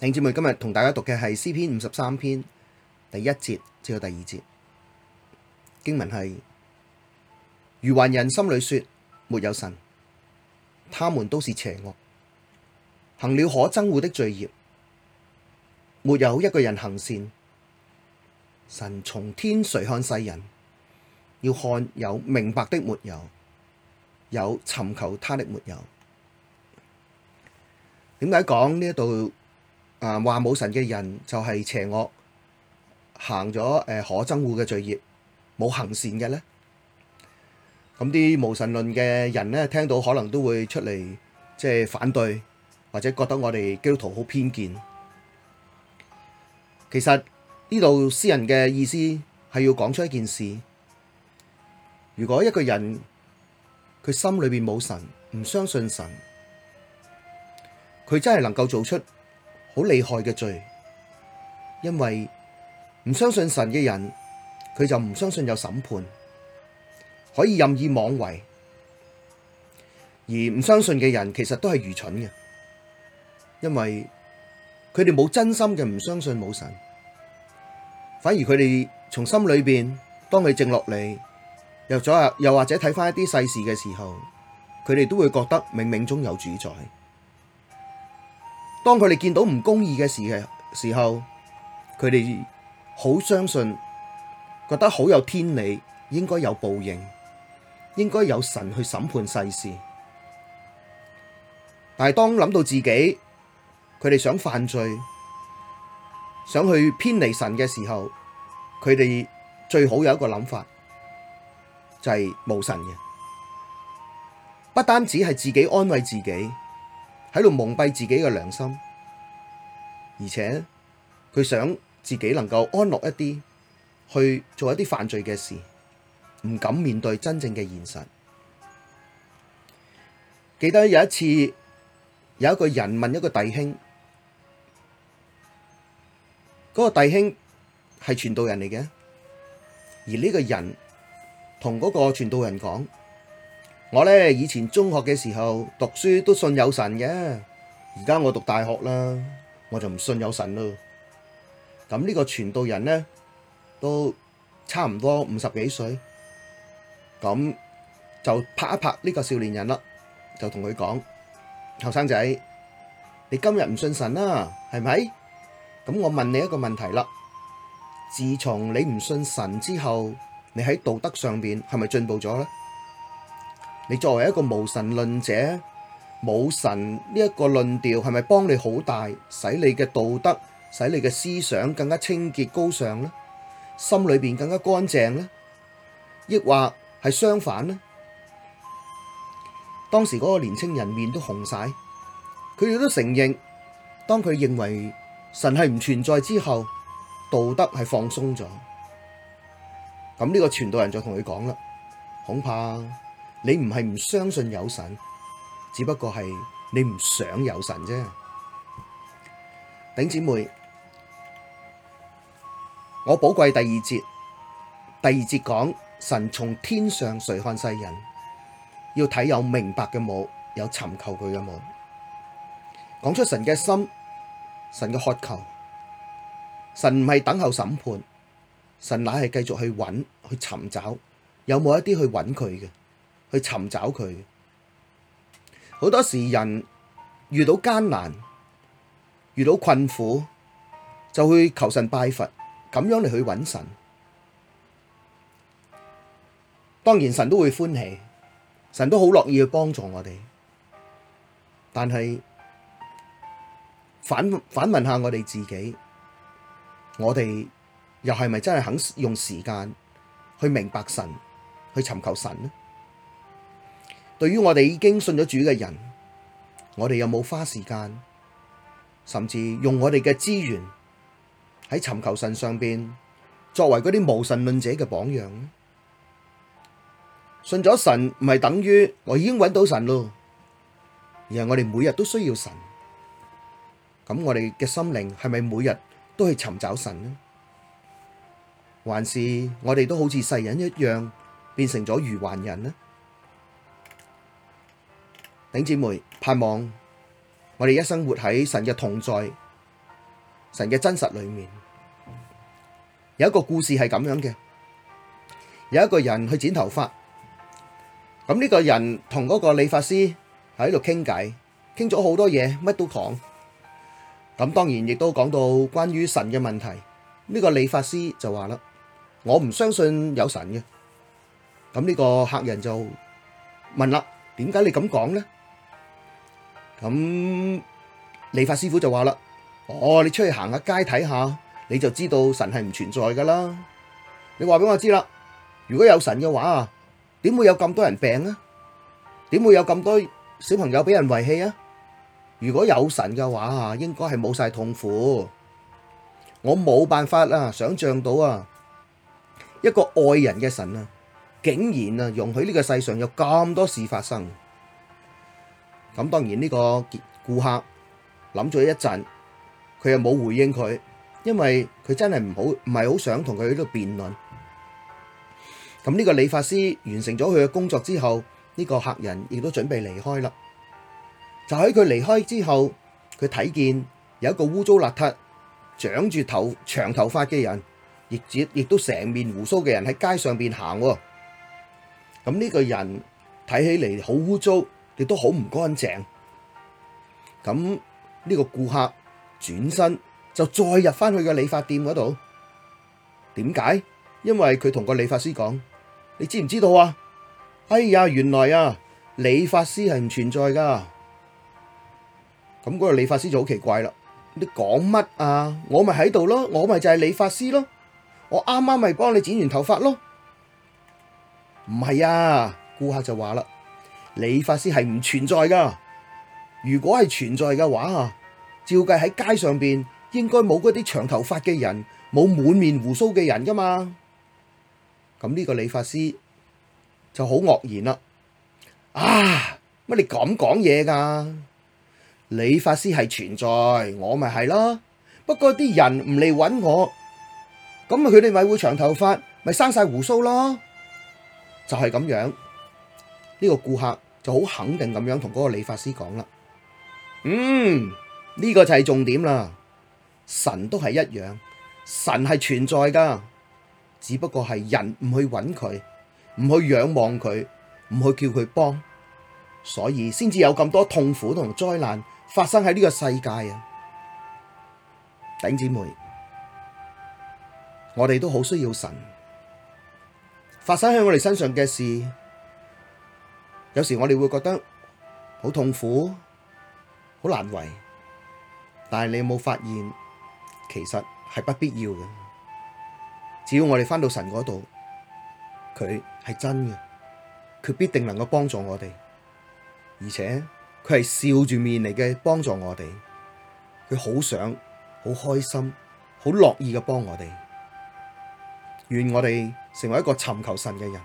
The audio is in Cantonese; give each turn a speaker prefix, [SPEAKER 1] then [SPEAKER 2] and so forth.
[SPEAKER 1] 弟兄姊妹，今日同大家讀嘅係詩篇五十三篇第一節至到第二節經文係：愚頑人心裏說沒有神，他們都是邪惡，行了可憎惡的罪孽，沒有一個人行善。神從天垂看世人，要看有明白的沒有，有尋求他的沒有。點解講呢一度？啊！話冇神嘅人就係邪惡，行咗誒可憎惡嘅罪孽，冇行善嘅咧。咁啲無神論嘅人咧，聽到可能都會出嚟即係反對，或者覺得我哋基督徒好偏見。其實呢度詩人嘅意思係要講出一件事：如果一個人佢心裏邊冇神，唔相信神，佢真係能夠做出？好厲害嘅罪，因為唔相信神嘅人，佢就唔相信有審判，可以任意妄為。而唔相信嘅人其實都係愚蠢嘅，因為佢哋冇真心嘅唔相信冇神，反而佢哋從心裏邊當佢靜落嚟，又咗又或者睇返一啲世事嘅時候，佢哋都會覺得冥冥中有主宰。當佢哋見到唔公義嘅事嘅時候，佢哋好相信，覺得好有天理，應該有報應，應該有神去審判世事。但係當諗到自己，佢哋想犯罪，想去偏離神嘅時候，佢哋最好有一個諗法，就係無神嘅，不單止係自己安慰自己。喺度蒙蔽自己嘅良心，而且佢想自己能夠安樂一啲，去做一啲犯罪嘅事，唔敢面對真正嘅現實。記得有一次，有一個人問一個弟兄，嗰個弟兄係傳道人嚟嘅，而呢個人同嗰個傳道人講。我咧，以前中學嘅時候讀書都信有神嘅，而家我讀大學啦，我就唔信有神咯。咁呢個傳道人咧都差唔多五十幾歲，咁就拍一拍呢個少年人啦，就同佢講：後生仔，你今日唔信神啦，係咪？咁我問你一個問題啦，自從你唔信神之後，你喺道德上邊係咪進步咗咧？你作為一個無神論者，冇神呢一個論調係咪幫你好大，使你嘅道德、使你嘅思想更加清潔高尚呢？心裏邊更加乾淨呢？抑或係相反呢？當時嗰個年輕人面都紅晒，佢亦都承認，當佢認為神係唔存在之後，道德係放鬆咗。咁呢個傳道人就同佢講啦，恐怕，你唔係唔相信有神，只不過係你唔想有神啫。頂姐妹，我寶貴第二節，第二節講神從天上垂看世人，要睇有明白嘅冇，有尋求佢嘅冇，講出神嘅心，神嘅渴求，神唔係等候審判，神乃係繼續去揾、去尋找，有冇一啲去揾佢嘅。去尋找佢，好多時人遇到艱難、遇到困苦，就去求神拜佛，咁樣嚟去揾神。當然神都會歡喜，神都好樂意去幫助我哋。但係反反問下我哋自己，我哋又係咪真係肯用時間去明白神，去尋求神呢？對於我哋已經信咗主嘅人，我哋有冇花時間，甚至用我哋嘅資源喺尋求神上邊，作為嗰啲無神論者嘅榜樣？信咗神唔係等於我已經揾到神咯，而係我哋每日都需要神。咁我哋嘅心靈係咪每日都去尋找神呢？還是我哋都好似世人一樣，變成咗愚頑人呢？頂姊妹，盼望我哋一生活喺神嘅同在，神嘅真實裏面，有一個故事係咁樣嘅。有一個人去剪頭髮，咁呢個人同嗰個理髮師喺度傾偈，傾咗好多嘢，乜都講，咁當然亦都講到關於神嘅問題。呢個理髮師就話啦，我唔相信有神嘅，咁呢個客人就問啦，點解你咁講咧？咁理髮師傅就話啦：哦，你出去行下街睇下，你就知道神係唔存在噶啦。你話俾我知啦，如果有神嘅話啊，點會有咁多人病啊？點會有咁多小朋友俾人遺棄啊？如果有神嘅話啊，應該係冇晒痛苦。我冇辦法啊，想象到啊，一個愛人嘅神啊，竟然啊容許呢個世上有咁多事發生。咁當然呢個顧客諗咗一陣，佢又冇回應佢，因為佢真係唔好唔係好想同佢喺度辯論。咁、嗯、呢、嗯嗯嗯嗯、個理髮師完成咗佢嘅工作之後，呢、這個客人亦都準備離開啦。就喺佢離開之後，佢睇見有一個污糟邋遢、長住頭長頭髮嘅人，亦亦都成面鬍鬚嘅人喺街上邊行，啊。咁、嗯、呢、這個人睇起嚟好污糟。亦都好唔乾淨，咁呢個顧客轉身就再入翻去個理髮店嗰度，點解？因為佢同個理髮師講：你知唔知道啊？哎呀，原來啊，理髮師係唔存在噶。咁嗰個理髮師就好奇怪啦！你講乜啊？我咪喺度咯，我咪就係理髮師咯，我啱啱咪幫你剪完頭髮咯，唔係啊？顧客就話啦。理髮師係唔存在噶，如果係存在嘅話，照計喺街上邊應該冇嗰啲長頭髮嘅人，冇滿面鬍鬚嘅人噶嘛。咁呢個理髮師就好愕然啦。啊，乜你咁講嘢噶？理髮師係存在，我咪係咯。不過啲人唔嚟揾我，咁啊佢哋咪會長頭髮，咪生晒鬍鬚咯。就係咁樣，呢個顧客。就好肯定咁樣同嗰個理髮師講啦，嗯，呢個就係重點啦。神都係一樣，神係存在噶，只不過係人唔去揾佢，唔去仰望佢，唔去叫佢幫，所以先至有咁多痛苦同災難發生喺呢個世界啊！頂姊妹，我哋都好需要神，發生喺我哋身上嘅事。有時我哋會覺得好痛苦、好難為，但係你有冇發現，其實係不必要嘅。只要我哋返到神嗰度，佢係真嘅，佢必定能夠幫助我哋，而且佢係笑住面嚟嘅幫助我哋，佢好想、好開心、好樂意嘅幫我哋。願我哋成為一個尋求神嘅人。